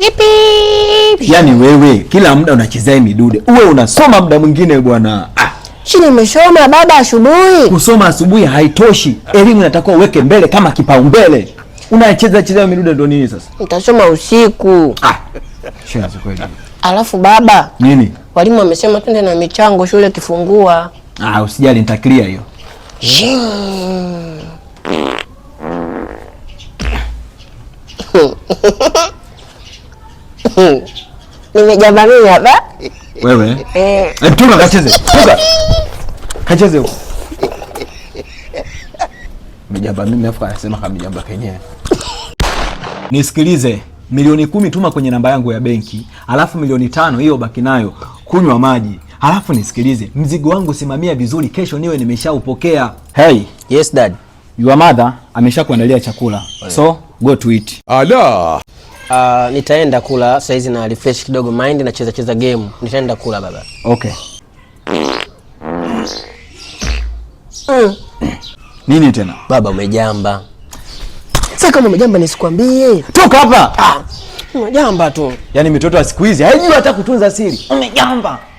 Yipi! Yani wewe kila muda unachezea midude, uwe unasoma muda mwingine bwana. Ah. Shi nimeshoma baba asubuhi. Kusoma asubuhi haitoshi, elimu inatakiwa uweke mbele kama kipaumbele. Unacheza cheza midude ndo nini sasa? Nitasoma usiku. Ah. Alafu baba. Nini? Walimu wamesema twende na michango shule kifungua. Ah, usijali nitaklia hiyo. nimejabamia hapa wewe. Eh, eh tuka kacheze, tuka kacheze huko Mimi afu anasema kama kenyewe. Nisikilize, milioni kumi tuma kwenye namba yangu ya benki, alafu milioni tano hiyo baki nayo kunywa maji, alafu nisikilize, mzigo wangu simamia vizuri, kesho niwe nimeshaupokea. Hey, yes dad, your mother ameshakuandalia chakula, so go to Ala Uh, nitaenda kula saizi na refresh kidogo mind na cheza cheza game. Nitaenda kula baba. Okay. Mm. Nini tena? Baba umejamba. Sasa kama umejamba nisikwambie. Toka hapa. Ah. Umejamba tu. Yaani mitoto ya siku hizi haijui hata kutunza siri. Umejamba.